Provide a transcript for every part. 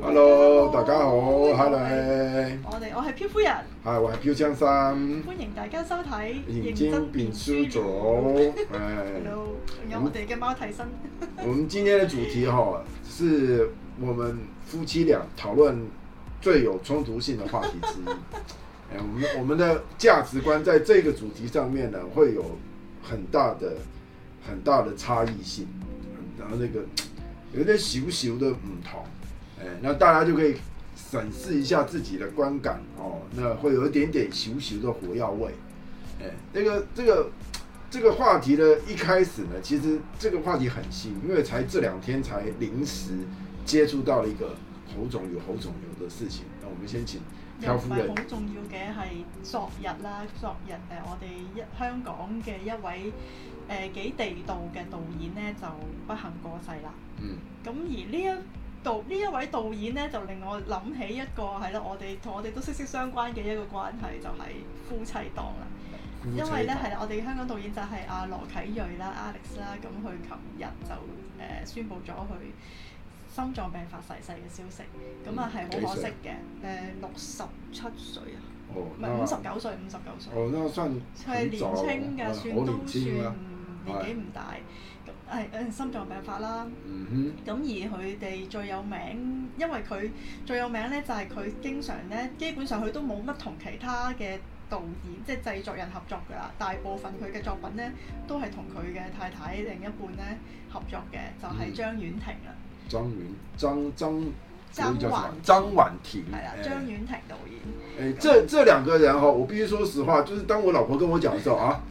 hello，大家好 hello 我哋我係飄夫人，係，我係飄先生，歡迎大家收睇認真便輸了 Hello，有我哋嘅貓替身，我們今天的主題哈，是我們夫妻倆討論最有衝突性的話題之一，我 們我們的價值觀在這個主題上面呢，會有很大的很大的差異性， 然後那個有點小小的唔同。嗯、那大家就可以審視一下自己的觀感哦，那會有一點點小小的火藥味。哎、嗯，那個這個這個話題呢，一開始呢，其實這個話題很新，因為才這兩天才臨時接觸到了一個喉腫有喉腫瘤的事情。那我們先請漂夫人。唔係好重要嘅係昨日啦，昨日誒，我哋一香港嘅一位誒、呃、幾地道嘅導演呢，就不幸過世啦。嗯。咁而呢一呢一位導演咧，就令我諗起一個係啦，我哋同我哋都息息相關嘅一個關係，就係、是、夫妻檔啦。因為咧係啦，我哋香港導演就係阿、啊、羅啟銳啦、Alex 啦，咁佢琴日就誒、呃、宣布咗佢心臟病發逝世嘅消息，咁啊係好可惜嘅，誒六十七歲啊，唔係五十九歲，五十九歲。佢、哦、都年青嘅，算都算年紀唔大。係嗰陣心臟病發啦，咁、嗯、而佢哋最有名，因為佢最有名咧就係、是、佢經常咧，基本上佢都冇乜同其他嘅導演即係、就是、製作人合作㗎啦。大部分佢嘅作品咧都係同佢嘅太太另一半咧合作嘅，就係、是、張婉婷、嗯、啦。張婉張張張張婉婷係啦，張婉婷導演。誒、欸欸，這這兩個人哈，我必須說實話、嗯，就是當我老婆跟我講嘅時候啊。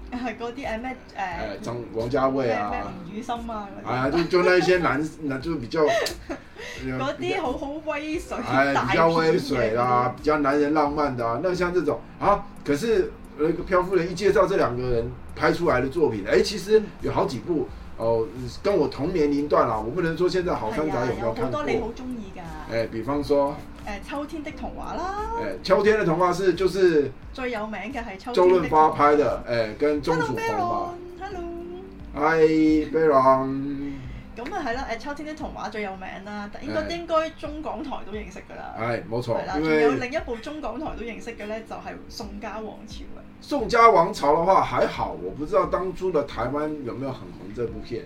係嗰啲誒咩誒，張、哎呃、王家衛啊，吳宇森啊，係啊、哎，就就那一些男 男就比較嗰啲好好威水，比較威水啦、啊， 比較男人浪漫的啊。那像這種啊，可是誒漂夫人一介紹這兩個人拍出來的作品，哎、其實有好幾部、呃、跟我同年齡段啦、啊，我不能說現在好翻睇有冇睇過好、啊、多你好中意㗎，哎秋天的童話啦！哎、秋天的童話是，就是最有名嘅係周潤發拍的，誒，跟周潤發拍嘅《秋天的童話》。Hello，Hi，Baron、哎、h。咁啊係啦，秋天的童話最有名啦，應該、哎、應該中港台都認識噶啦。係、哎，冇錯。仲有另一部中港台都認識嘅呢，就係、是《宋家王朝》。宋家王朝嘅話還好，我不知道當初嘅台灣有沒有很紅這部片。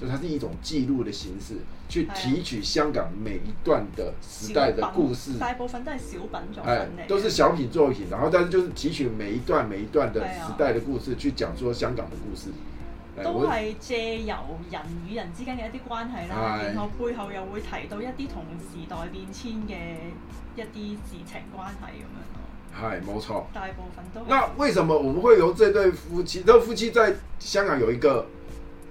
就它是一種記錄的形式，去提取香港每一段的時代的故事。啊、大部分都係小品種，哎、啊，都是小品作品。然後，但是就是提取每一段每一段的時代的故事，啊、去講說香港的故事。都係借由人與人之間嘅一啲關係啦、啊，然後背後又會提到一啲同時代變遷嘅一啲事情關係咁樣咯。係，冇錯。大部分都。那為什麼我們會由這對夫妻？呢對夫妻在香港有一個。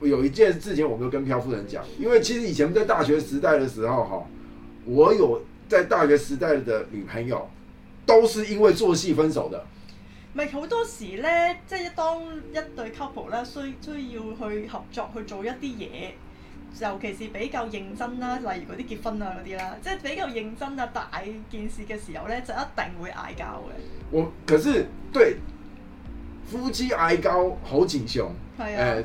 有一件事之前我沒有跟漂夫人講，因為其實以前在大學時代的時候，我有在大學時代的女朋友，都是因為做戲分手的。唔係好多時呢，即係當一對 couple 咧，需需要去合作去做一啲嘢，尤其是比較認真啦、啊，例如嗰啲結婚啊嗰啲啦，即係比較認真啊大件事嘅時候呢，就一定會嗌交嘅。我可是對夫妻嗌交好緊胸。誒、啊。欸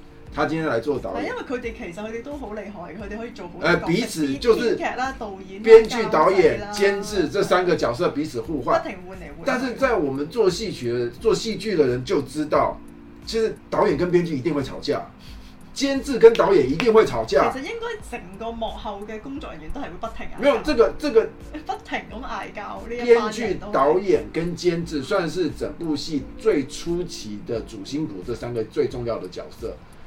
他今天來做導演。因為佢哋其實佢哋都好厲害，佢哋可以做好。誒、呃、彼此就是編劇啦、導演、編劇、導演、監製，這三個角色彼此互換。不停換來換來換去。但是在我們做戲劇、做戲劇的人就知道，其實導演跟編劇一定會吵架，監製跟導演一定會吵架。其實應該成個幕後嘅工作人員都係會不停啊！沒有，這個、這個、不停咁嗌交呢？編劇、導演跟監製，算是整部戲最初期的主心骨，這三個最重要的角色。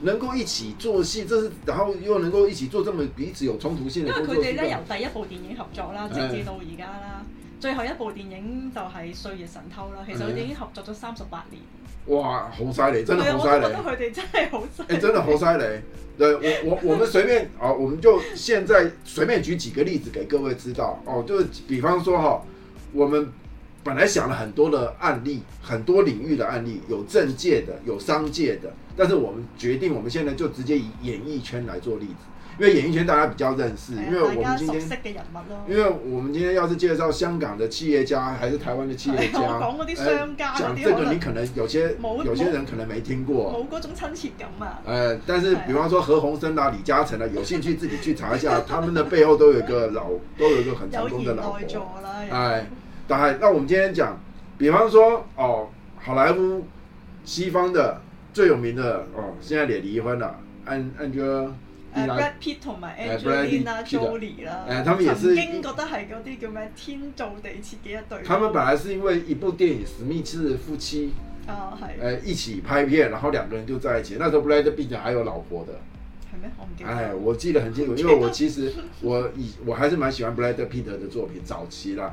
能夠一起做戲，這是然後又能夠一起做這麼彼此有衝突性的衝突，因為佢哋咧由第一部電影合作啦，直至到而家啦，嗯、最後一部電影就係《歲月神偷》啦。嗯、其實佢哋已經合作咗三十八年。哇，好犀利，真係好犀利。我覺得佢哋真係好犀利、欸！真係好犀利。對我我我們隨便啊、 哦，我們就現在隨便舉幾個例子給各位知道哦，就比方說哈、哦，我們。本來想了很多的案例，很多領域的案例，有政界的，有商界的，但是我們決定，我們現在就直接以演藝圈來做例子，因為演藝圈大家比較認識，哎、因為我們今天的人，因為我們今天要是介紹香港的企業家，還是台灣的企業家，講嗰啲商家、哎，這個你可能有些，有些人可能沒聽過、啊，冇嗰種親切感、啊哎、但是比方說何鴻燊啊李嘉誠啊有興趣自己去查一下， 他們的背後都有個老，都有個很成功的老婆大概那我們今天講，比方說哦，好萊塢西方的最有名的哦，現在也離婚了，uh, 安安哥 Brad Pitt 同埋 Angelina Jolie 啦，他們也是曾經覺得係嗰啲叫咩天造地設嘅一對，他們本來是因為一部電影《史密斯夫妻》啊，uh,，係，誒，一起拍片，然後兩個人就在一起。那時候 Brad Pitt 還有老婆的，係咩？我唔記得，哎，我記得很清楚，因為我其實 我以我還是蠻喜歡 Brad Pitt 的作品早期啦。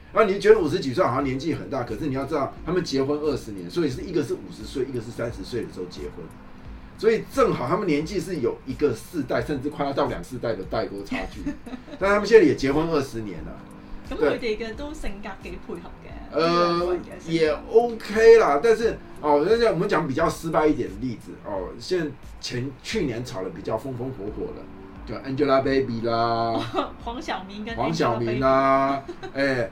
那你覺得五十幾歲好像年紀很大，可是你要知道他們結婚二十年，所以是一個是五十歲，一個是三十歲的時候結婚，所以正好他們年紀是有一個世代，甚至快要到兩世代的代溝差距。 但他們現在也結婚二十年了，咁佢哋嘅都性格幾配合嘅，呃，也 OK 啦。但是哦，現在我們講比較失敗一點的例子哦，現在前去年炒得比較風風火火的，就 Angelababy 啦，哦、黃曉明跟、Angela、黃曉明啦、啊，哎、 欸。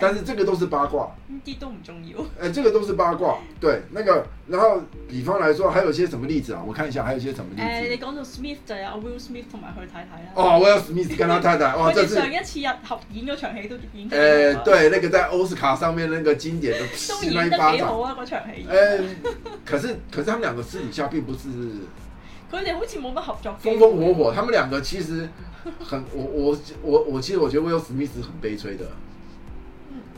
但是這個都是八卦，一啲都唔重要。誒、欸，這個都是八卦，對，那個，然後，比方來說，還有些什麼例子啊？我看一下，還有些什麼例子。誒、欸，你講到 Smith 就有 Will Smith 同埋佢太太啦。哦，Will Smith 跟他太太，哦， 即係上一次入合演的場戲都演得幾好，欸，那個在奧斯卡上面那個經典， 好啊，嗰場戲。誒、欸， 可是，可是，他們兩個私底下並不是，佢哋好似冇乜合作。風風火火，他們兩個其實很，我我我我，我我其實我覺得 Will Smith 很悲催的。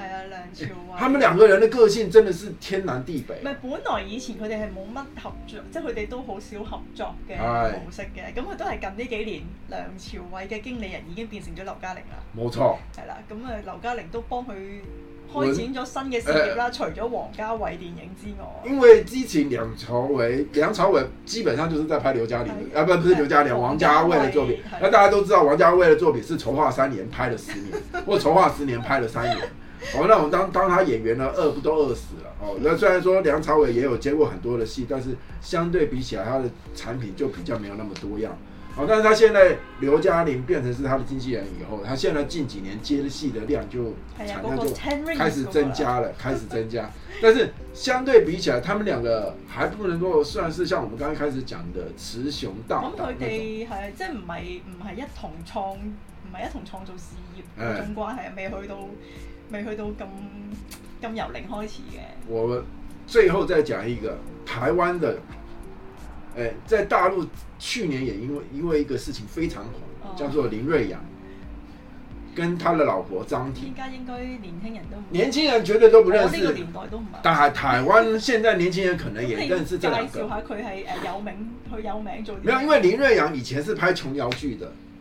係啊，梁朝偉，他們兩個人的個性真的是天南地北。唔係本來以前佢哋係冇乜合作，即係佢哋都好少合作嘅模式嘅。咁、哎、佢都係近呢幾年，梁朝偉嘅經理人已經變成咗劉嘉玲啦。冇錯，係啦。咁啊，劉嘉玲都幫佢開展咗新嘅事業啦。除咗王家衛電影之外，因為之前梁朝偉，梁朝偉基本上就是在拍劉嘉玲啊，不，不是劉嘉玲，王家衛嘅作品。大家都知道，王家衛嘅作品是籌劃三年拍了十年，不過籌劃十年拍了三年。 好、 哦，那我們當當他演員呢，餓不都餓死了哦。那雖然說梁朝偉也有接過很多的戲，但是相對比起來，他的產品就比較沒有那麼多樣。好、哦，但是他現在劉嘉玲變成是他的經紀人以後，他現在近幾年接的戲的量就產量就開始增加了， 開始增加。但是相對比起來，他們兩個還不能夠算是像我們剛剛開始講的雌雄大盜那種關係，即係唔係唔係一同創唔係一同創造事業嗰種關係，未、嗯、去到。 未去到咁咁由零開始嘅。我最後再講一個台灣的，誒、欸，在大陸去年也因為因為一個事情非常紅、哦，叫做林瑞陽，跟他的老婆張庭。依家應該年輕人都，年輕人絕對都不認識。認識但係台灣現在年輕人可能也認識這兩個。 介紹下佢係誒有名，佢有名做。沒有，因為林瑞陽以前是拍瓊瑤劇的。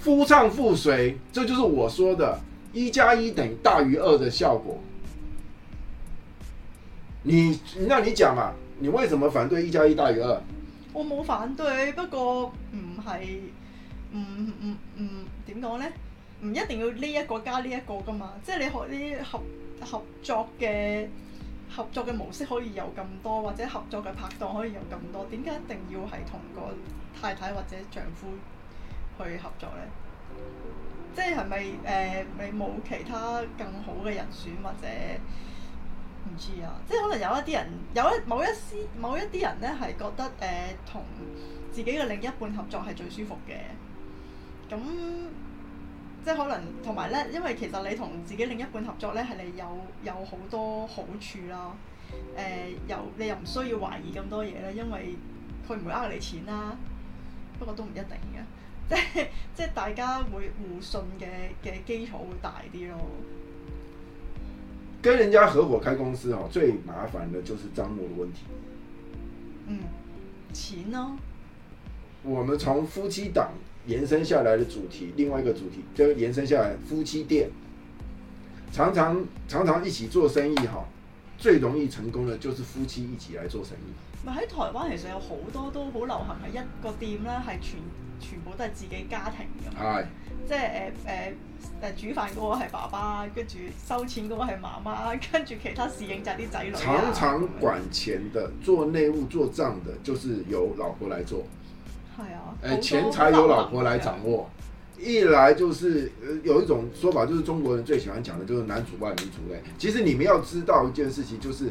夫唱婦隨，這就是我說的一加一等於大於二的效果。你，那你講嘛？你為什麼反對一加一大於二？我冇反對，不過唔係唔唔唔點講咧？唔、嗯嗯嗯、一定要呢一個加呢一個噶嘛？即係你學啲合合作嘅合作嘅模式可以有咁多，或者合作嘅拍檔可以有咁多，點解一定要係同個太太或者丈夫？去合作咧，即係係咪誒？你冇其他更好嘅人選，或者唔知啊？即係可能有一啲人，有一某一絲某一啲人咧，係覺得誒同、呃、自己嘅另一半合作係最舒服嘅。咁即係可能同埋咧，因為其實你同自己另一半合作咧，係你有有好多好處啦。誒、呃，又你又唔需要懷疑咁多嘢咧，因為佢唔會呃你錢啦。不過都唔一定嘅。即係即係大家會互信嘅嘅基礎會大啲咯。跟人家合夥開公司哦，最麻煩嘅就是賬目嘅問題。嗯，錢呢，哦，我們從夫妻檔延伸下來嘅主題，另外一個主題就延伸下來夫妻店，常常常常一起做生意哈，最容易成功嘅就是夫妻一起來做生意。喺台灣，其實有好多都好流行嘅一個店啦，係全全部都係自己家庭咁，即係誒誒誒煮飯嘅我係爸爸，跟住收錢嘅我係媽媽，跟住其他侍應就係啲仔女、啊。常常管錢的、做內務、做帳的，就是由老婆來做。係啊，誒、欸、錢財由老婆來掌握。一來就是，有一種說法，就是中國人最喜歡講的，就是男主外女主內。其實你們要知道一件事情，就是。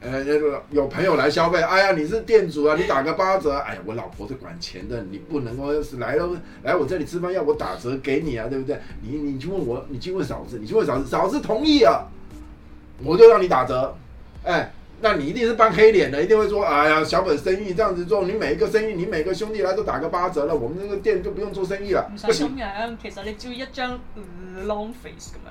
呃、哎，那個有朋友來消費，哎呀，你是店主啊，你打個八折，哎呀，我老婆是管錢的，你不能夠是來了來我這裏吃飯，要我打折給你啊，對不對？你你去問我，你去問嫂子，你去問嫂子，嫂子同意啊，我就讓你打折，哎，那你一定是扮黑臉的，一定會說，哎呀，小本生意這樣子做，你每一個生意，你每個兄弟來都打個八折了，我們那個店就不用做生意了。唔係咁樣，其實你只要一張 long face 咁樣。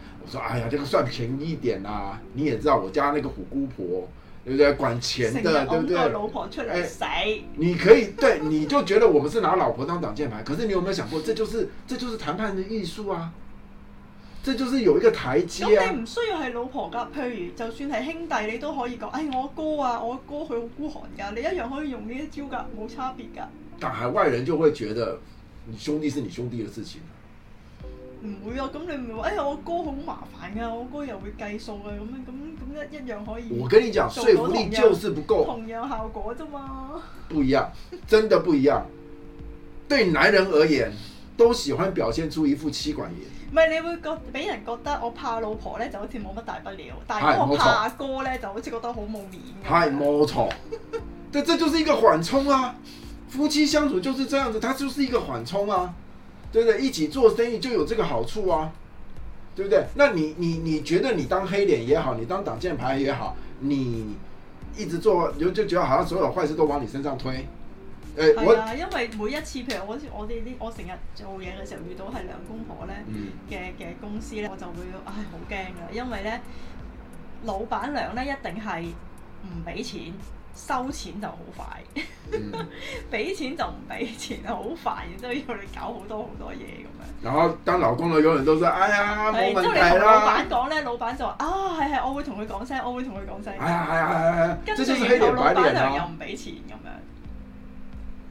說哎呀，這個算便宜一點啦，啊！你也知道我家那個虎姑婆，對不對？管錢的，對不對？成日搵個老婆出嚟使。 你可以，對，你就覺得我們是拿老婆當擋箭牌。可是你有沒有想過，這就是這就是談判的藝術啊！這就是有一個台階，啊、你唔需要係老婆噶，譬如就算係兄弟，你都可以講，哎，我哥啊，我哥佢好孤寒噶，你一樣可以用呢啲招噶，冇差別噶。但係外人就會覺得，你兄弟是你兄弟的事情。唔會啊，咁你唔會話，哎呀我哥好麻煩噶啊，我哥又會計數啊，咁樣咁咁一一樣可以樣。我跟你講，說服力就是不夠，同樣效果啫嘛。不一樣，真的不一樣。 對男人而言，都喜歡表現出一副妻管嚴。唔係你會覺俾人覺得我怕老婆咧，就好似冇乜大不了；但係如果我怕阿哥咧，就好似覺得好冇面。係，冇錯。這這就是一個緩衝啊！夫妻相處就是這樣子，它就是一個緩衝啊！對不對？一起做生意就有這個好處啊，對不對？那你你你覺得你當黑臉也好，你當擋箭牌也好，你一直做，你就，就覺得好像所有壞事都往你身上推。哎，係啊，我因為每一次，譬如我我哋呢，我成日做嘢嘅時候遇到係兩公婆咧嘅嘅公司咧，我就會唉好驚噶，因為咧老闆娘咧一定係唔俾錢。收錢就好快，俾、嗯、 錢就唔俾錢，好煩，都要你搞好多好多嘢咁樣。然後當老公女有人都說，哎呀冇問題啦。之後你同老闆講咧，老闆就話：啊、哦，係係，我會同佢講聲，我會同佢講聲。係、哎、啊係啊係係係，跟住又老闆娘又唔俾錢，咁樣。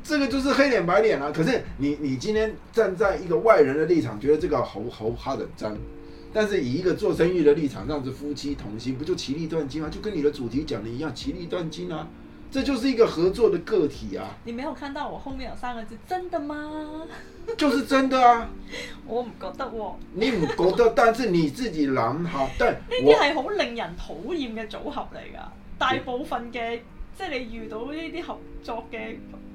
這個就是黑臉白臉啦、啊。可是你你今天站在一個外人的立場，覺得這個好好認真。但是以一個做生意的立場，讓夫妻同心，不就其利斷金嗎、啊？就跟你的主題講的一樣，其利斷金啊！這就是一個合作的個體啊！你沒有看到我後面有三個字，真的嗎？就是真的啊！我唔覺得我、哦，你唔覺得，但是你自己諗下， 但呢啲係好令人討厭嘅組合嚟噶。大部分嘅，即係你遇到呢啲合作嘅，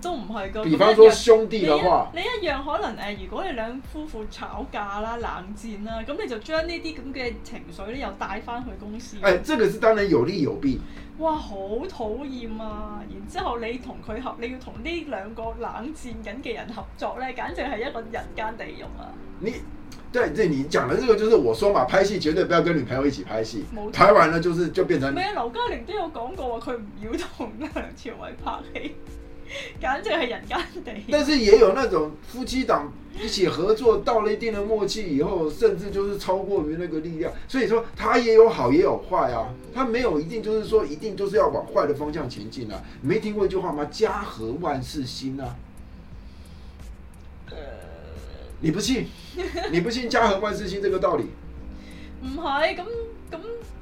都唔係個，比方講兄弟嘅話你，你一樣可能誒、呃，如果你兩夫婦吵架啦、啊、冷戰啦、啊，咁你就將呢啲咁嘅情緒咧，又帶翻去公司。誒、哎，這個是當然有利有弊。哇，好討厭啊！然之後你同佢合，你要同呢兩個冷戰緊嘅人合作咧，簡直係一個人間地獄啊！你對，即係你講嘅呢個，就是我說嘛，拍戲絕對不要跟女朋友一起拍戲。冇拍完啦，就是就變成啊，劉嘉玲都有講過話，佢唔要同梁朝偉拍戲。.簡直係人間地，但是也有那種夫妻檔一起合作到了一定的默契以後，甚至就是超過於那個力量，所以說他也有好也有壞啊，他沒有一定就是說一定就是要往壞的方向前進啊。你沒聽過一句話嗎？家和萬事興啊？你不信？你不信家和萬事興這個道理？唔係咁咁。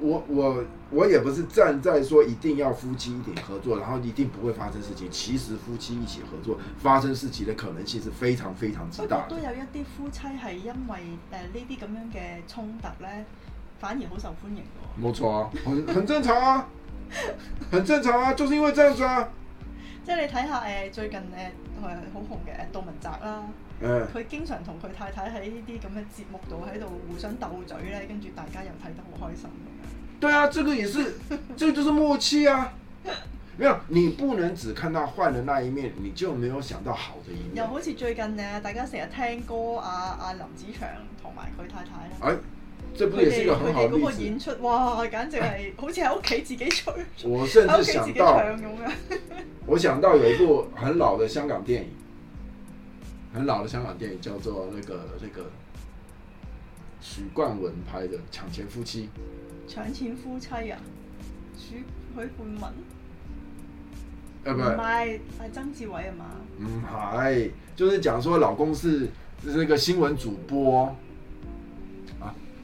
我我我也不是站在說一定要夫妻一點合作，然後一定不會發生事情。其實夫妻一起合作發生事情的可能性是非常非常之大。哎、我都有一啲夫妻係因為誒呢啲咁樣嘅衝突咧，反而好受歡迎哦。冇錯啊，很正常啊， 很正常啊，就是因為這樣子啊。即係你睇下誒，最近誒誒好紅嘅杜汶澤啦，佢、嗯、經常同佢太太喺呢啲咁嘅節目度喺度互相鬥嘴咧，跟住大家又睇得好開心的。對啊，這個也是， 這就是默契啊！沒有，你不能只看到壞的那一面，你就沒有想到好的一面。又好似最近誒，大家成日聽歌，啊，阿林子祥同埋佢太太。哎這不也是一個，很好的個演出，哇，簡直係、哎、好似喺屋企自己唱。我甚至想到， 我想到有一部很老的香港電影，很老的香港電影叫做那個那、這個許冠文拍的《搶錢夫妻》。搶錢夫妻啊？許許冠文？唔、哎、係，係曾志偉啊嘛？唔係，就是講說老公是，那個新聞主播。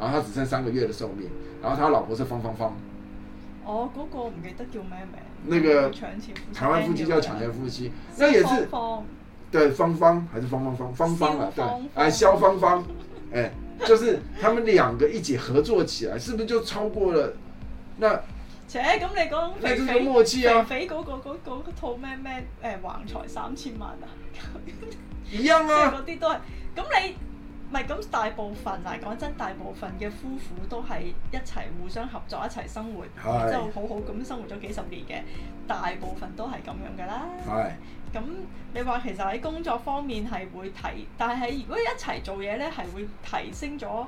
然後他只剩三個月的壽命，然後他老婆是方方方。哦，嗰、那個唔記得叫咩名。那個。搶錢。台灣夫妻叫搶錢夫妻，那個，那也是。方，方。對，方方還是方方方方方啊方方？對，哎，蕭芳芳， 哎，就是他們兩個一起合作起來，是不是就超過了那？且，咁你講。那就是默契啊。肥肥嗰個嗰嗰套咩咩，哎，橫財三千萬啊。一樣啊。嗰啲都係，咁你。唔係咁大部分，嗱講真，大部分嘅夫婦都係一齊互相合作一齊生活，即、yes. 係好好咁生活咗幾十年嘅，大部分都係咁樣噶啦。係。咁你話其實喺工作方面係會提，但係如果一齊做嘢咧係會提升咗。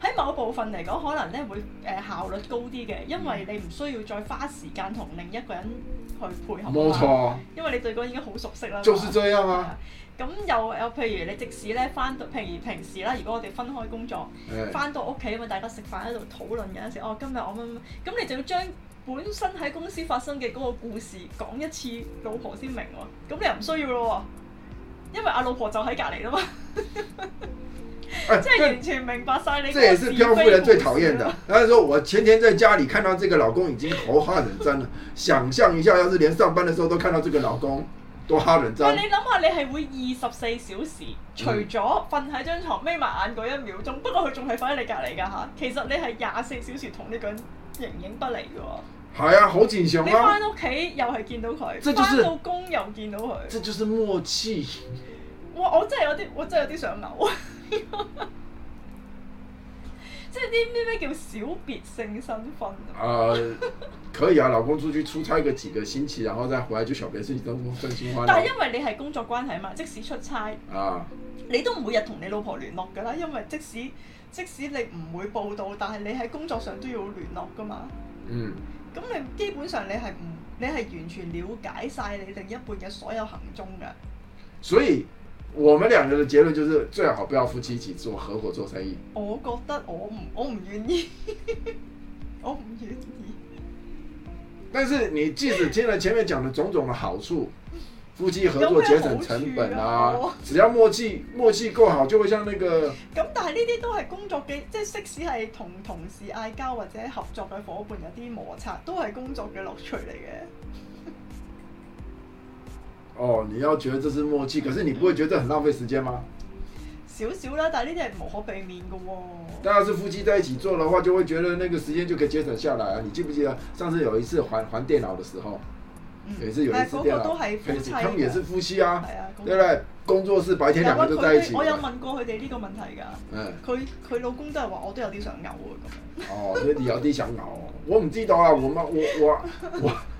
喺某部分嚟講，可能咧會誒效率高啲嘅，因為你唔需要再花時間同另一個人去配合。冇錯，因為你對嗰個已經好熟悉啦。就是這樣啊！咁又又譬如你即使咧翻到平平時啦，如果我哋分開工作，翻到屋企咪大家食飯喺度討論嘅嗰陣時，哦今日我乜乜咁，你就要將本身喺公司發生嘅嗰個故事講一次，老婆先明喎、哦。咁你又唔需要咯、哦，因為阿老婆就喺隔離啦嘛。 哎、即係完全明白晒你，這也是漂夫人最討厭嘅。 但係說我前天在家裏看到這個老公已經好乞人憎了， 想象一下，要是連上班的時候都看到這個老公，都乞人憎。但你諗下，你係會二十四小時，嗯、除咗瞓喺張床眯埋眼嗰一秒鐘，不過佢仲係喺你隔籬噶吓。其實你係廿四小時同呢個人形影不離噶。係啊，好正常。你翻屋企又係見到佢，翻、就是、到工又見到佢，這就是默契。哇，我真係有啲，我真係有啲想嘔啊！即係啲咩咩叫小別性身份啊、呃？可以啊，老公出去出差個幾個星期，然後再回來就小別性都真，但係因為你係工作關係嘛，即使出差啊，你都唔每日同你老婆聯絡噶啦。因為即使即使你唔會報道，但係你喺工作上都要聯絡噶嘛。咁、嗯、你基本上你係唔你係完全了解晒你另一半嘅所有行蹤噶。所以。我們兩個的結論就是最好不要夫妻一起做合伙做生意。我覺得我唔我唔願意， 我唔願意。但是你即使聽了前面講的種種的好處， 夫妻合作節省成本啊， 啊只要默契 默契夠好，就會像那個。咁 但係呢啲都係工作嘅，即係即使係同同事嗌交或者合作嘅夥伴有啲摩擦，都係工作嘅樂趣嚟嘅。哦，你要覺得這是默契，可是你不會覺得很浪費時間嗎？少、嗯、少啦，但係呢啲係無可避免噶喎、喔。但是夫妻在一起做嘅話，就會覺得那個時間就可以節省下來啊！你記唔記得上次有一次還還電腦的時候、嗯，也是有一次電腦，佢、欸、哋、那個欸、他們也是夫妻啊，對不對、啊那個、工作室白天兩個都在一起。我有問過佢哋呢個問題噶，佢、嗯、佢老公都係話我都有啲想嘔啊咁樣。哦，你有啲想嘔、喔， 我唔知道啊，我我我我。我我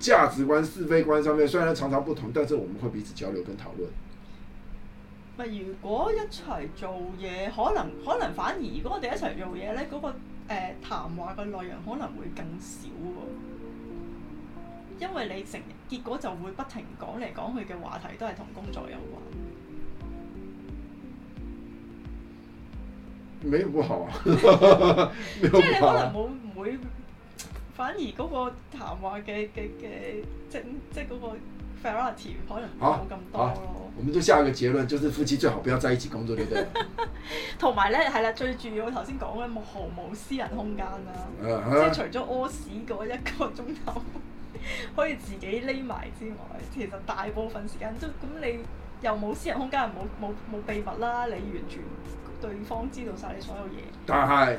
價值觀、是非觀上面，雖然常常不同，但是我們會彼此交流跟討論。咪如果一齊做嘢，可能可能反而，如果我哋一齊做嘢呢，嗰、那個誒談話嘅內容可能會更少喎、哦。因為你成結果就會不停講嚟講去嘅話題都係同工作有關。冇唔好啊。即 係、 啊就是、你可能冇唔會。反而嗰個談話嘅嘅嘅，即即嗰個 variety、啊、可能冇咁多咯、啊。我們都下一個結論，就是夫妻最好不要在一起工作。 呢嘅。同埋咧，係啦，最重要是我頭先講嘅，冇毫無私人空間啦、啊啊，即係除咗屙屎嗰一個鐘頭可以自己匿埋之外，其實大部分時間都咁，你又冇私人空間，又冇冇冇秘密啦，你完全對方知道晒你所有嘢。但係。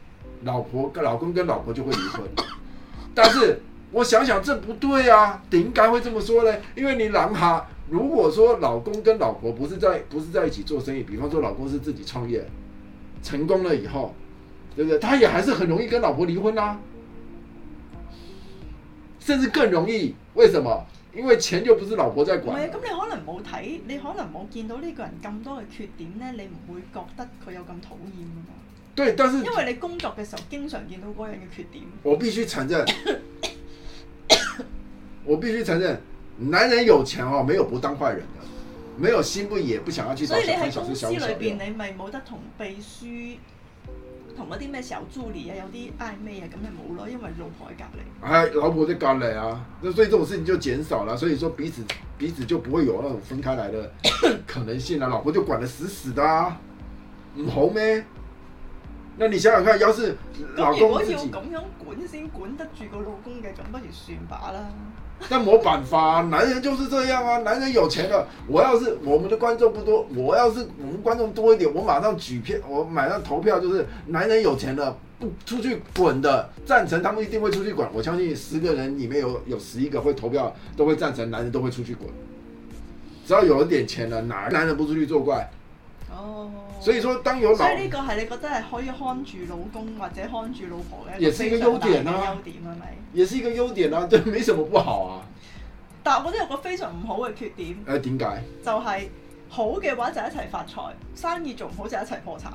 老婆跟老公跟老婆就會離婚， 但是我想想這不對啊，點解會這麼說呢？因為你諗下，如果說老公跟老婆不是在不是在一起做生意，比方說老公是自己創業成功了以後，對不對？他也還是很容易跟老婆離婚啊，甚至更容易。為什麼？因為錢就不是老婆在管。哎，咁你可能冇睇，你可能冇見到呢個人咁多嘅缺點呢，你唔會覺得佢有咁討厭。對，但是因為你工作嘅時候經常見到嗰人嘅缺點，我必須承認， 我必須承認，男人有錢哦，沒有不當壞人的，沒有心不野不想要去小三小四小五。所以你喺公，公司裏邊，你咪冇得同秘書同一啲咩小助理啊，有啲曖昧啊，咁咪冇咯，因為老婆喺隔籬。哎，老婆喺隔籬啊，所以這種事情就減少了，所以說彼此彼此就不會有那種分開來的可能性啦，啊。 老婆就管得死死的啊，唔好咩？那你想想看，要是老公自己……咁如果要咁樣管，先管得住個老公的，咁不如算罷啦。那沒辦法啊，男人就是這樣啊。男人有錢了，我要是我們的觀眾不多，我要是我們觀眾多一點，我馬上舉票，我馬上投票，就是男人有錢了，不出去滾的，贊成他們一定會出去滾。我相信十個人裏面有有十一個會投票，都會贊成，男人都會出去滾。只要有一點錢了，哪個男人不出去作怪？哦，所以說當有，所以呢個係你覺得係可以看住老公或者看住老婆嘅、啊，也是一個優點啦、啊，優點係咪？也是一個優點啦、啊，就沒什麼不好啊。但我覺得有個非常唔好嘅缺點。誒、呃，點解？就係、是、好嘅話就一齊發財，生意仲好就一齊破產。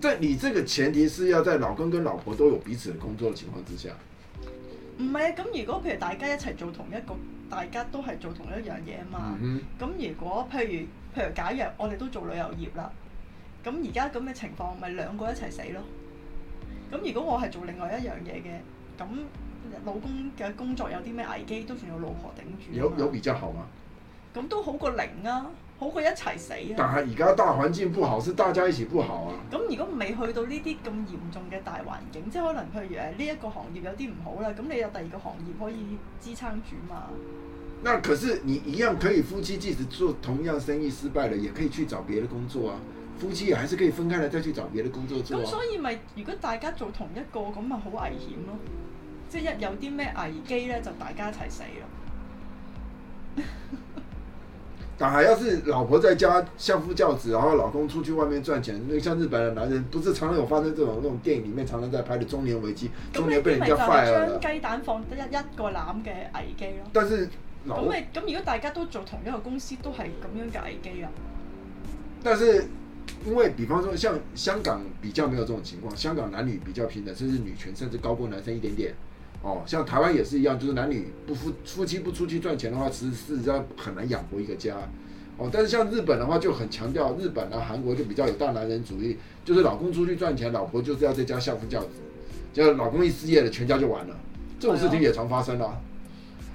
即係你這個前提是要在老公跟老婆都有彼此嘅工作嘅情況之下。唔係，咁如果譬如大家一齊做同一個，大家都係做同一樣嘢啊嘛。咁、嗯、如果譬如。譬如假若我哋都做旅遊業啦，咁而家咁嘅情況，咪兩個一齊死咯。咁如果我係做另外一樣嘢嘅，咁老公嘅工作有啲咩危機，都算有老婆頂住。有有比較好嘛？咁都好過零啊，好過一齊死啊！但係而家大環境不好，是大家一起不好啊。咁、嗯、如果未去到呢啲咁嚴重嘅大環境，即係可能譬如誒呢一個行業有啲唔好啦，咁你有第二個行業可以支撐住嘛？那可是你一樣可以夫妻，即使做同樣生意失敗了，也可以去找別的工作啊。夫妻也還是可以分開嚟再去找別的工作做啊。所以咪如果大家做同一個咁咪好危險咯、啊，即係一有啲咩危機咧就大家一齊死咯。 但係要是老婆在家相夫教子，然後老公出去外面賺錢，那像日本的男人，不是常常有發生這種，那種電影裏面常常在拍的中年危機，中年被人家 fire 咗。咁將雞蛋放得一一個籃嘅危機咯、啊。但是。因咪咁，如果大家都做同一個公司，都係咁樣嘅危機啊？但是因為，比方說，像香港比較沒有這種情況，香港男女比較平等，甚至女權甚至高過男生一點點。哦，像台灣也是一樣，就是男女不夫夫妻不出去賺錢的話，其實是很難養活一個家。哦，但是像日本的話就很強調，日本啊、韓國就比較有大男人主義，就是老公出去賺錢，老婆就是要在家相夫教子，就老公一失業了，全家就完了。這種事情也常發生啦、啊。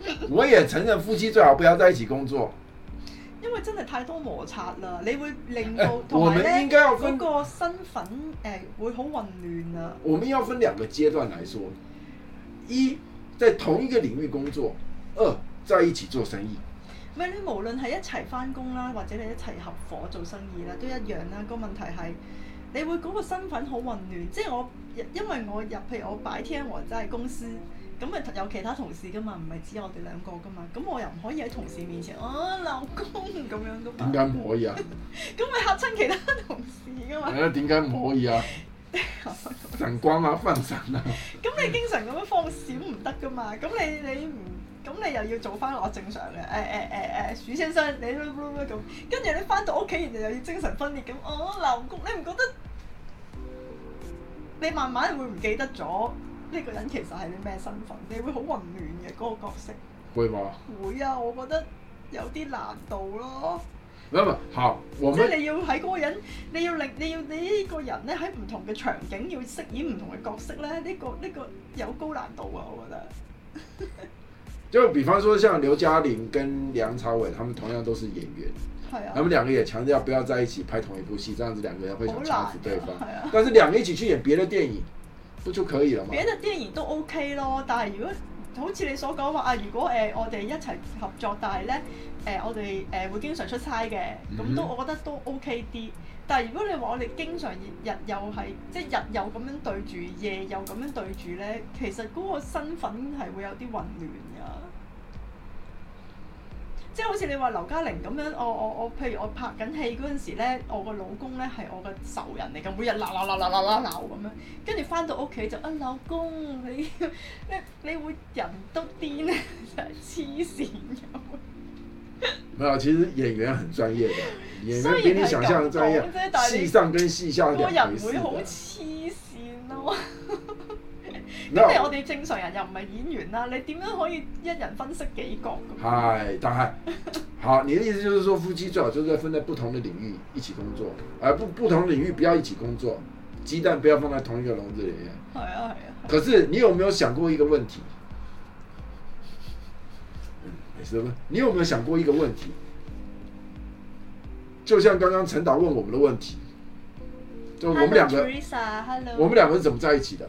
我也承認夫妻最好不要在一起工作，因為真係太多摩擦啦，你會令到同埋咧嗰個身份誒、欸、會好混亂啊。我們要分兩個階段來說：一，在同一個領域工作；二，在一起做生意。喂、欸，你無論係一齊返工啦，或者你一齊合伙做生意啦，都一樣啦、啊。嗰個問題係你會嗰個身份好混亂，即係我因為我入譬如我白天我真係公司。咁咪有其他同事噶嘛，唔係只有我哋兩個噶嘛，咁我又唔可以喺同事面前，我、嗯、老、哦、公，咁樣噶嘛？點解唔可以啊？咁 咪嚇親其他同事噶嘛？係、哎、咯，點解唔可以啊？神 光啊，分神啊！咁 你經常咁樣放閃唔得噶嘛？咁你你唔咁你又要做翻我正常嘅，誒誒誒誒，鼠、哎哎哎、先生嘖嘖嘖嘖嘖嘖嘖嘖，你咁，跟住你翻到屋企，然後又要精神分裂咁，我、哦、老公，你唔覺得？你慢慢會唔記得咗？呢、這個人其實係你咩身份？你會好混亂嘅嗰個角色會唔會啊？會啊！我覺得有啲難度咯。唔係唔係好，即係你要喺嗰個人，你要令你要呢個人咧喺唔同嘅場景要飾演唔同嘅角色咧，呢、這個呢、這個有高難度啊！我覺得。 就比方說，像劉嘉玲跟梁朝偉，他們同樣都是演員，係啊，他們兩個也強調不要在一起拍同一部戲，這樣子兩個人會想征服對方。很是啊、但是兩個一起去演別的電影。不可以俾得自然都 OK 咯，但係如果好似你所講話啊，如果誒、呃、我哋一齊合作，但係咧誒我哋誒、呃、會經常出差嘅，咁、mm-hmm. 都我覺得都 OK 啲。但係如果你話我哋經常日又係即係日又咁樣對住，夜又咁樣對住咧，其實嗰個身份係會有啲混亂噶。即係好似你話劉嘉玲咁樣，我我我，譬如我拍緊戲嗰陣時咧，我個老公咧係我個仇人嚟嘅，每日鬧鬧鬧鬧鬧鬧鬧咁樣，跟住翻到屋企就啊，老公你你你會人都癲啊，就係黐線咁啊！啊？其實演員很專業的，演員比你想象中專業，戲上跟戲下兩回事，個人會好黐線咯。嗯 No，因為我哋正常人又唔係演員啦、啊，你點樣可以一人分析幾個咁？係， 但係好，你的意思就是說夫妻最好就係分在不同的領域一起工作，而、哎、不不同的領域不要一起工作，雞蛋不要放在同一個籠子裏面。係啊，係啊，啊。可是你有沒有想過一個問題？唔使問，你有沒有想過一個問題？ 就像剛剛陳導問我們的問題，就我們兩個，Hi，Teresa，我們兩個是怎麼在一起的？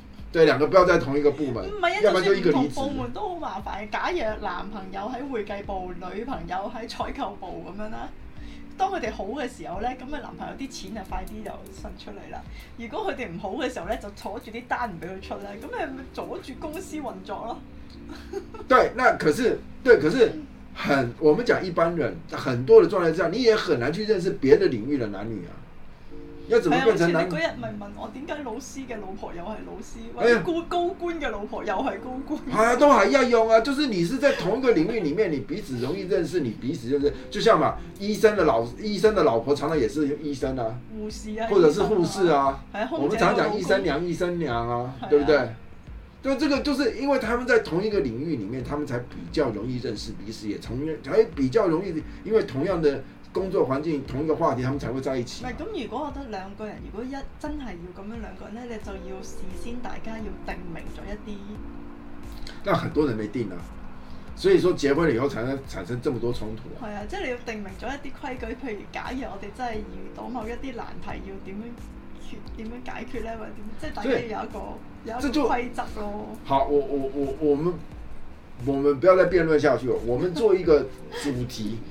對，兩個不要在同一個部門，唔係啊，就算唔同部門都好麻煩，假若男朋友喺會計部，女朋友喺採購部咁樣啦，當佢哋好嘅時候咧，咁啊男朋友啲錢就快啲就伸出嚟啦。如果佢哋唔好嘅時候咧，就坐住啲單唔俾佢出啦。咁咪阻住公司運作咯。對，那可是，對，可是很，很，嗯，我們講一般人，很多的狀態之下，你也很難去認識別的領域的男女啊。係啊，所以你嗰日咪問我點解老師嘅老婆又係老師，或者高官嘅老婆又係高官？啊，都係一樣啊，就是你是在同一個領域裏面，你彼此容易認識，你彼此就是，就像嘛，醫生的老醫生的老婆，常常也是醫生啊，護士啊，或者是護士啊，啊，我們常講醫生娘、嗯、醫生娘啊，對不對？對、嗯，這個就是因為他們在同一個領域裏面，他們才比較容易認識彼此也從，也同樣，比較容易，因為同樣的。工作環境同一個話題，他們才會在一起。唔係咁，如果我覺得兩個人如果一真係要咁樣兩個人咧，你就要事先大家要定明咗一啲。但很多人未定啊，所以說結婚以後才能產，產生這麼多衝突。係啊，即係你要定明咗一啲規矩，譬如假如我哋真係遇到某一啲難題要，要點樣決點樣解決咧，或者即係大家要有一個有一個規則咯。好，我我我我，我們我們不要再辯論下去，我們做一個主題。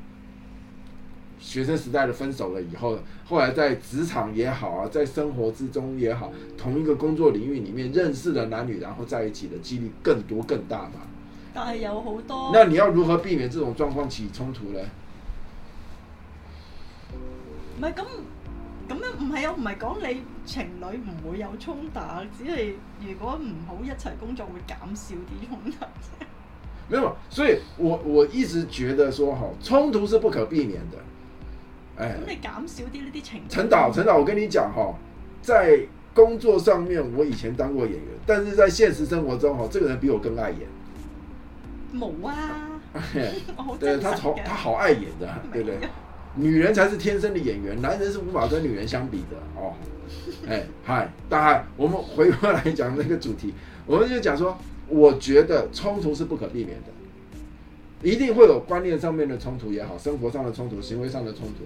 學生時代的分手了以後，後來在職場也好啊，在生活之中也好，同一個工作領域裏面認識的男女，然後在一起的幾率更多更大嘛。但係有好多，那你要如何避免這種狀況起衝突呢？唔係咁咁樣，唔係啊，我唔係講你情侶唔會有衝突，只係如果唔好一齊工作會減少啲衝突。 沒有，所以我我一直覺得說，哈，衝突是不可避免的。咁你減少啲呢啲情？陳導，陳導，我跟你講哈、哦，在工作上面，我以前當過演員，但是在現實生活中，哦，這個人比我更愛演。冇啊，哎、我對他好，他好愛演的，對不對，對？女人才是天生的演員，男人是無法跟女人相比的哦。哎，嗨，當然。我們回過來講那個主題，我們就講說，我覺得衝突是不可避免的，一定會有觀念上面的衝突也好，生活上的衝突，行為上的衝突。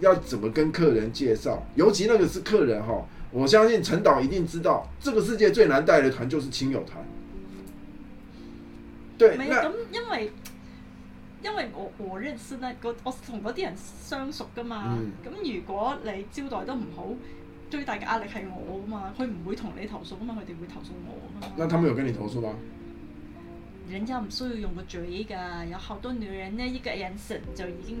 要怎麼跟客人介紹？尤其那個是客人哈，我相信陳導一定知道，這個世界最難帶的團就是親友團，嗯。對，咁因為因為我我認識咧，我我同嗰啲人相熟噶嘛。咁，嗯、如果你招待得唔好，最大嘅壓力係我啊嘛，佢唔會同你投訴啊嘛，佢哋會投訴我啊嘛。那他們有跟你投訴嗎？人家唔需要用個嘴噶，有好多女人呢，一個眼神就已經。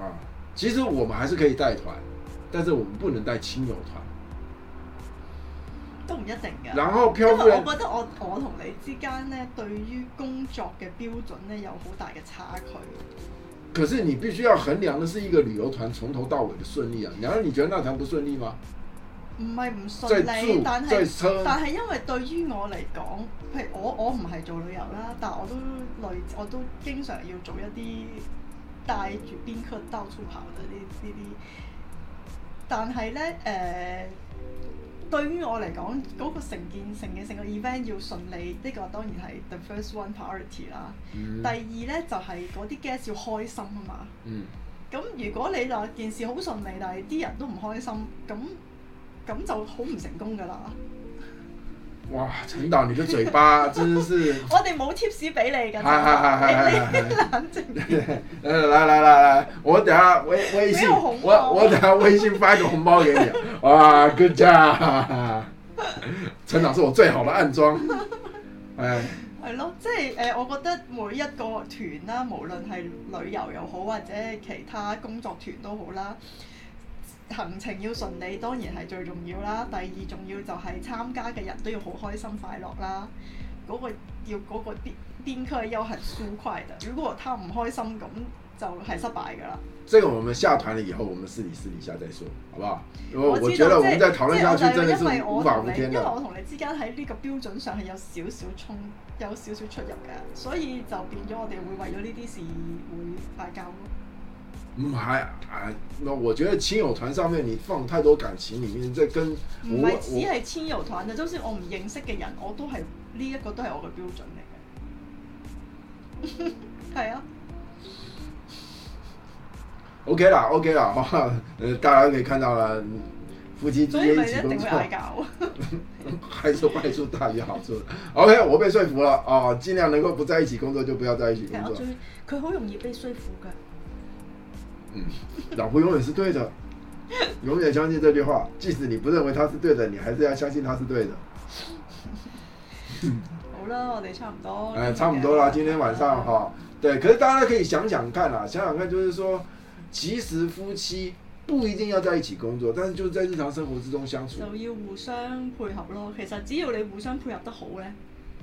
啊，其實我們還是可以帶團，但是我們不能帶親友團，都唔一定嘅。然後然，因為我覺得我我同你之間呢，對於工作嘅標準呢，有好大嘅差距。可是你必須要衡量嘅是一個旅遊團從頭到尾嘅順利啊。然後你覺得那團不順利嗎？唔係唔順利，但係但係因為對於我嚟講，譬如我我唔係做旅遊啦，但係我都類我都經常要做一啲。帶住邊區到處跑嘅呢呢啲，但係咧誒，對於我嚟講，嗰、嗰個成件成嘅成個 event 要順利，呢、呢個當然係 the first one priority 啦。嗯、第二咧就係嗰啲 guest 要開心啊嘛。咁、嗯、如果你就件事好順利，但係啲人都唔開心，咁咁就好唔成功㗎啦。哇，陳導，你的嘴巴 真是……我哋冇 tips 俾你㗎，你 冷靜一。誒，嚟嚟嚟嚟！我等下微微信，紅我我等下微信發一個紅包俾你。 哇，good job！ 陳導是我最好的暗樁。係 係 咯，即係誒、呃，我覺得每一個團啦，無論係旅遊又好，或者其他工作團都好啦。行程要順利當然係最重要啦，第二重要就係參加嘅人都要好開心快樂啦。嗰、那個要嗰個啲賓客要係舒快的，如果他唔開心咁就係失敗噶啦。即係我們下團了以後，我們私底私底下再說，好唔好？我知道，即係討論下，就係、因為我同你，你之間喺呢個標準上係有少少衝，有少少出入嘅，所以就變咗我哋會為咗呢啲事會嗌交。唔係啊，我覺得親友團上面你放太多感情裏面我，再跟唔係只係親友團，就就算我唔認識嘅人，我都係呢一個都係我嘅標準嚟嘅，係 啊。OK 啦 OK 啦好，當然大家可以看到啦，夫妻之間一起工作，不是不是 還是壞處大於好處。O、okay，K，我被說服了啊，盡量能夠不在一起工作就不要在一起工作。佢好、啊、容易被說服噶。嗯，老婆永遠是對的， 永遠相信這句話。即使你不認為他是對的，你還是要相信他是對的。 好啦，我哋差唔多，誒，差唔多啦。今天晚上哈、嗯，對，可是大家可以想想看啊，想想看，就是說，其實夫妻不一定要在一起工作，但是就是在日常生活之中相處，就要互相配合咯。其實只要你互相配合得好咧。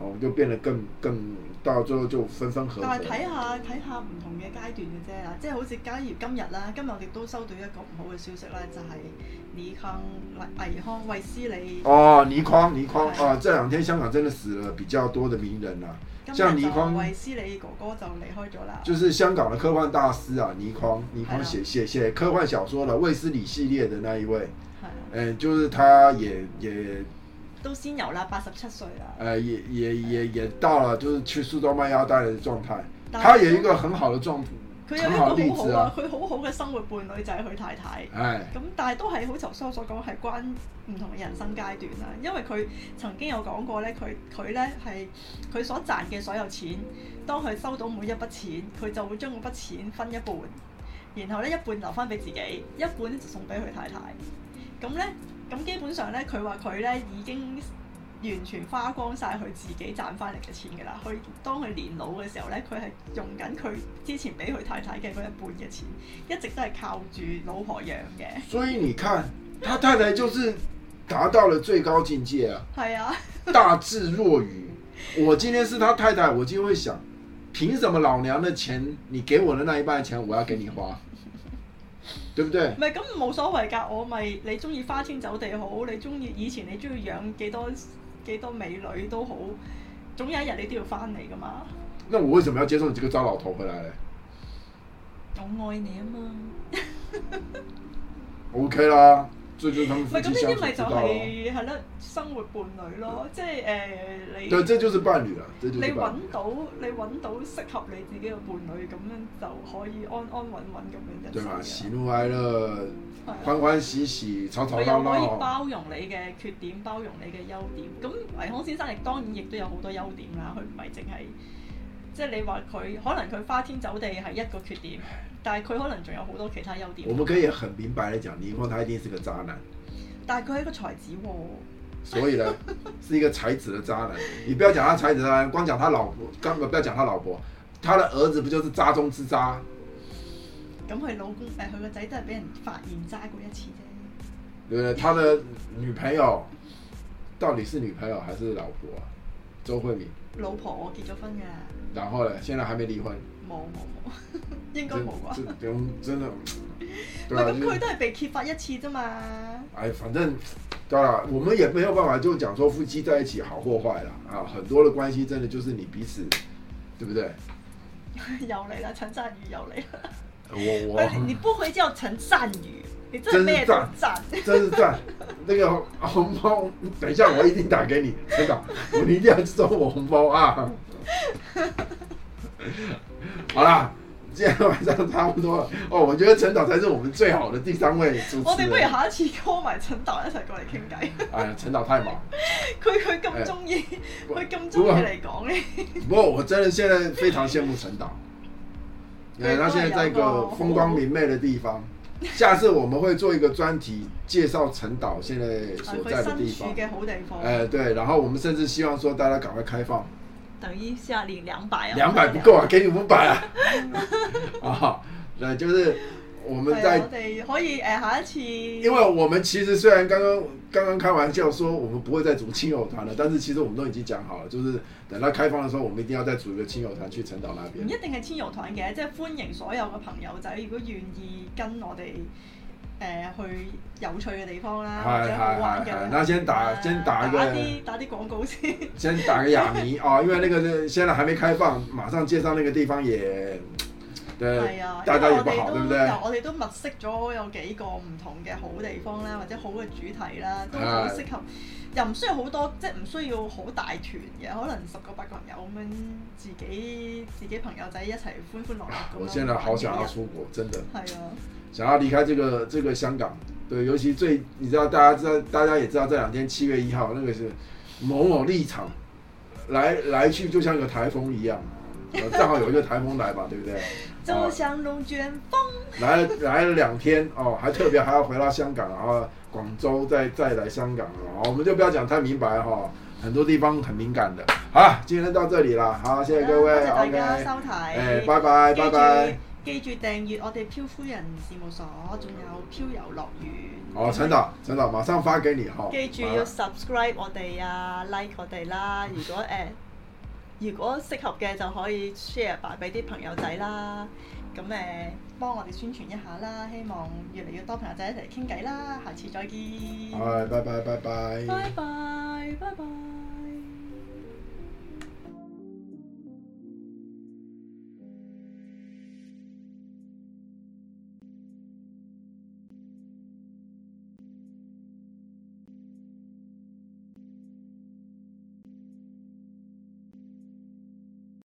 哦，就變得更更，到最後就分分合合。但係睇下睇下唔同嘅階段嘅啫嗱，即係好似假如今日啦，今日我哋都收到一個唔好嘅消息啦，就係倪匡、倪匡、衛斯理。哦，倪匡，倪匡啊！這兩天香港真的死了比較多的名人啦、啊，像倪匡、衛斯理哥哥就離開咗啦。就是香港的科幻大師啊，倪匡，倪匡寫寫寫科幻小說啦，衛斯理系列的那一位。係、啊。誒、呃，就是他也、啊、也。也都先有啦，八十七歲啦。誒，也也也到了，就是去蘇州賣腰帶的狀態。他有一個很好的狀態，很例子啊。佢、啊、好好嘅生活伴侶就係佢太太。係、哎。咁但係都係好似我所講，係關唔同嘅人生階段啦。因為佢曾經有講過咧，佢佢咧係佢所賺嘅所有錢，當佢收到每一筆錢，佢就會將嗰筆錢分一半，然後咧一半留翻俾自己，一半咧就送俾佢太太。咁咧。咁基本上咧，佢話佢咧已經完全花光晒佢自己賺翻嚟嘅錢噶啦。佢當佢年老嘅時候咧，佢係用緊佢之前俾佢太太嘅嗰一半嘅錢，一直都係靠住老婆養嘅。所以你看，他太太就是達到了最高境界啊！係啊，大智若愚。 我今天是他太太，我就會想，憑什麼老娘嘅錢，你給我的那一半的錢，我要給你花？嗯。對唔對？唔係咁冇所謂噶，我咪、就是、你中意花天酒地好，你中意以前你中意養幾多幾多美女都好，總有一日你都要翻嚟噶嘛。那我為什麼要接受你這個糟老頭回來咧？我愛你啊嘛。 OK 啦。唔係咁，呢啲咪就係係咯，生活伴侶咯，即係誒、呃、你，對，這就是伴侶啦。你揾到你揾到適合你自己嘅伴侶，咁樣就可以安安穩穩咁樣一生。對嘛，喜怒哀樂，歡歡喜喜，吵，吵，吵，吵，吵鬧鬧，你又可以包容你嘅缺點，包容你嘅優點。咁維康先生亦當然亦都有好多優點啦。佢唔係淨係，即係你話佢可能佢花天酒地係一個缺點。但係佢可能仲有好多其他優點。我們可以很明白地講，離婚他一定是個渣男。但係佢係一個才子，所以呢，是一個才子的渣男。你不要講他才子的渣男，光講他老婆，根本不要講他老婆，他的兒子不就是渣中之渣？咁佢老公誒，佢個仔都係俾人發現渣過一次啫。誒，他的女朋友到底是女朋友還是老婆？周慧敏。老婆，我結咗婚嘅。然後咧，現在還沒離婚。冇冇冇，應該冇啩。咁真係，唔係咁佢都係被揭發一次啫嘛。嗯對啊、 哎，反正對啦、啊，我們也沒有辦法就講說夫妻在一起好或壞啦。啊，很多的關係真的就是你彼此，對不對？有累了，陳贊宇有累了。我我，你不會叫陳贊宇，你真係咩都贊，真係贊。 那個紅包，等一下我一定打給你，知道？一你 一定要收我紅包啊！ 好啦，今天晚上差不多了哦。我覺得陳導才是我們最好的第三位主持人。我哋不如下一次 call 埋陳導一齊過嚟傾偈。 哎呀，陳導太忙，佢佢咁中意，佢咁中意嚟講呢？不過 我真的現在非常羨慕陳導，誒、 yeah，他現在在一個風光明媚的地方。下次我們會做一個專題介紹陳導現在所在的地方。誒、欸，對，然後我們甚至希望說大家趕快開放。等一下，連兩百啊，兩百唔夠啊、嗯，給你五百啊！啊， 那就是我們在，啊、我哋可以、呃、下一次。因為我們其實雖然剛剛剛剛，剛開玩笑，說我們不會再組親友團了， 但是其實我們都已經講好了，就是等到開放的時候，我們一定要再組一個親友團去成島那邊。唔一定係親友團嘅，即、就、係、是、歡迎所有嘅朋友仔，如果願意跟我哋。誒、呃、去有趣嘅地方啦，咁 玩嘅，嗱 先打、呃、先打個打啲打廣告先， 先打個廿米、哦、因為呢個呢，現在還沒開放，馬上介紹那個地方也，誒、 啊，大家也不好，對唔對？我哋都物色咗有幾個唔同嘅好地方啦，或者好嘅主題啦，都好適合。 又唔需要好多，即係唔需要好大團，嘅，可能十個八個朋友咁樣自己自己朋友仔一齊歡歡樂樂，啊、我現在好想要出國，真的。係啊，想要離開這個這個香港，對，尤其最你知道大家知道，大家也知道，這兩天七月一號那個是某某立場來來去，就像個台風一樣，啊，正好有一個台風來吧， 對不對？走向龍捲風，來、啊、來了兩天哦，還特別還要回到香港啊。廣州再再來香港好，我們就不要講太明白哈，很多地方很敏感的。好，今天到這裏啦，好，謝謝各位謝謝大家 okay，收睇，哎、拜拜，拜拜，記住訂閱我哋漂夫人事務所，仲有漂遊樂園。哦，陳導，陳導，馬上發畀你。記住要 subscribe、啊、我哋啊，like 我哋啦。如果誒，呃、 如果適合嘅就可以 share 埋俾啲朋友仔啦。咁誒，幫我哋宣傳一下啦！希望越嚟越多朋友仔一齊傾偈啦！下次再見。係，拜拜，拜拜。拜拜，拜拜。